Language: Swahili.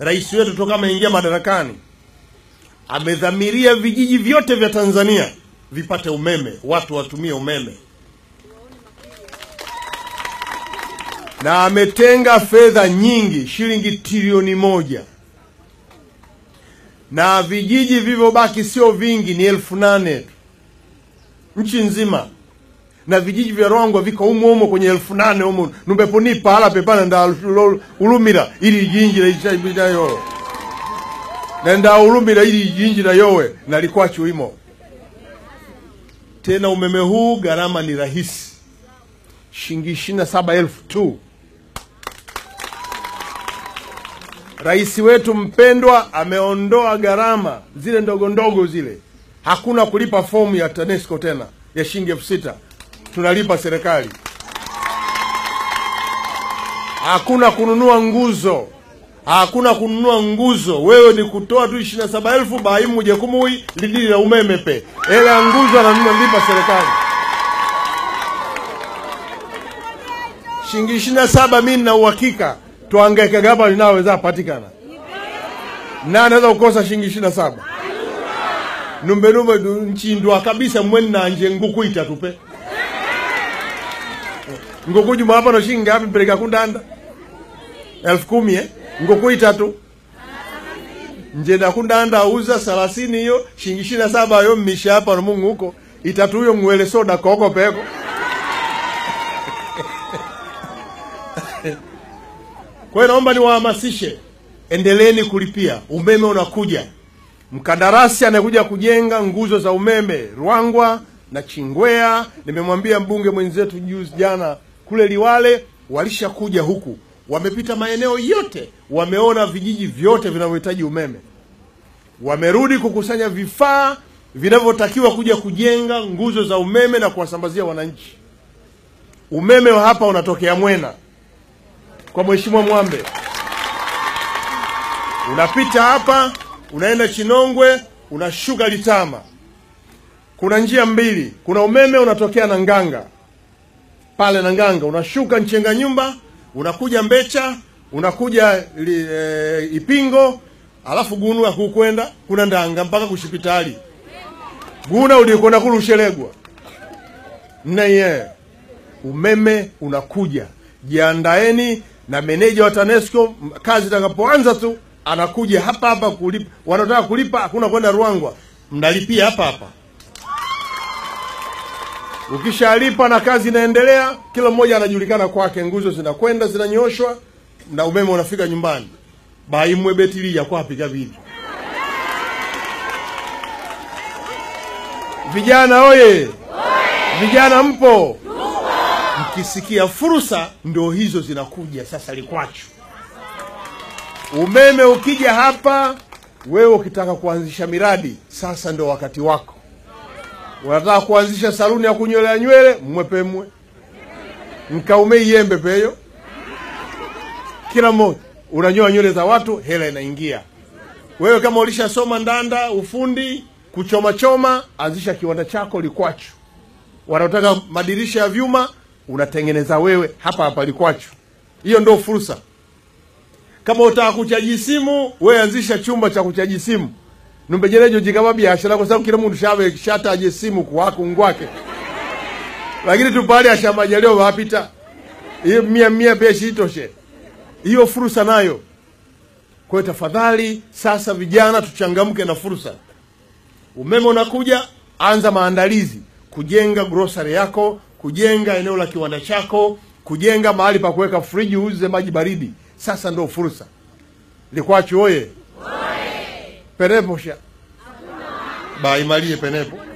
rais wetu toka ameingia madarakani amedhamiria vijiji vyote vya Tanzania vipate umeme, watu watumie umeme, na ametenga fedha nyingi, shilingi trilioni moja, na vijiji vilivyobaki sio vingi, ni elfu nane nchi nzima na vijiji vya Rwangwa viko humo humo kwenye elfu nane humo numbeponipa halape pepana nda ulumira ili jinji la yoro na nda ulumira ili jinji la yowe na likuwa chuhimo tena umeme huu gharama ni rahisi shilingi ishirini na saba elfu tu Rais wetu mpendwa ameondoa gharama zile ndogo ndogo zile, hakuna kulipa fomu ya TANESCO tena ya shilingi elfu sita tunalipa serikali. Hakuna kununua nguzo, hakuna kununua nguzo. Wewe ni kutoa tu ishirini na saba elfu baimu jekumui lidili la umeme pe ela ya nguzo ananunalipa serikali shilingi ishirini na saba. mi nina uhakika tuangaike gaba linaweza patikana na anaweza kukosa shilingi ishirini na saba numbenumbe nchindwa kabisa mwenanje ngukuita itatupe Ngoku juma hapa na shilingi ngapi mpereka kundanda elfu kumi eh? Ngoku itatu Nje na kundanda auza salasini hiyo shilingi ishiri na saba yo mmisha hapa na Mungu huko itatu hiyo mwele soda koko peko kwa hiyo naomba niwahamasishe endeleeni kulipia umeme unakuja mkandarasi anakuja kujenga nguzo za umeme Ruangwa na Chingwea. Nimemwambia mbunge mwenzetu juzi jana kule Liwale walishakuja huku, wamepita maeneo yote, wameona vijiji vyote vinavyohitaji umeme, wamerudi kukusanya vifaa vinavyotakiwa kuja kujenga nguzo za umeme na kuwasambazia wananchi. Umeme wa hapa unatokea Mwena kwa Mheshimiwa Mwambe, unapita hapa, unaenda Chinongwe, unashuka Litama. Kuna njia mbili, kuna umeme unatokea na Nganga pale na Nganga, unashuka Nchenga nyumba, unakuja Mbecha, unakuja li, e, Ipingo, alafu Gunu hukwenda kuna Ndanga mpaka kushipitali Guna ulikwenda Ushelegwa naye umeme unakuja. Jiandaeni na meneja wa TANESCO, kazi itakapoanza tu anakuja hapa hapa kulipa. Wanataka kulipa, hakuna kwenda Ruangwa, mnalipia hapa hapa. Ukishalipa na kazi inaendelea, kila mmoja anajulikana kwake, nguzo zinakwenda zinanyoshwa na umeme unafika nyumbani. baimwe ya kwapiga vipi? Vijana oye! Vijana mpo? Mkisikia fursa, ndio hizo zinakuja sasa. Likwacho umeme ukija hapa, wewe ukitaka kuanzisha miradi, sasa ndio wakati wako. Wanataka kuanzisha saluni ya kunyolea nywele, mwepemwe mkaume iembe peyo, kila mmoja unanyoa nywele za watu, hela inaingia. Wewe kama ulishasoma ndanda, ufundi, kuchoma choma, anzisha kiwanda chako Likwachu. Wanaotaka madirisha ya vyuma unatengeneza wewe hapa hapa Likwachu. Hiyo ndio fursa. Kama utaka kuchaji simu, wewe anzisha chumba cha kuchaji simu numbejelejo jikaba biashara kwa sababu kila mtu shave shataje simu kwako ngwake lakini ya tupale jaleo wapita hiyo mia mia pesha itoshe hiyo fursa nayo kwa hiyo tafadhali sasa vijana tuchangamke na fursa umeme unakuja anza maandalizi kujenga grocery yako kujenga eneo la kiwanda chako kujenga mahali pa kuweka friji uuze maji baridi sasa ndo fursa likwachi oye pereposha baimalie penepo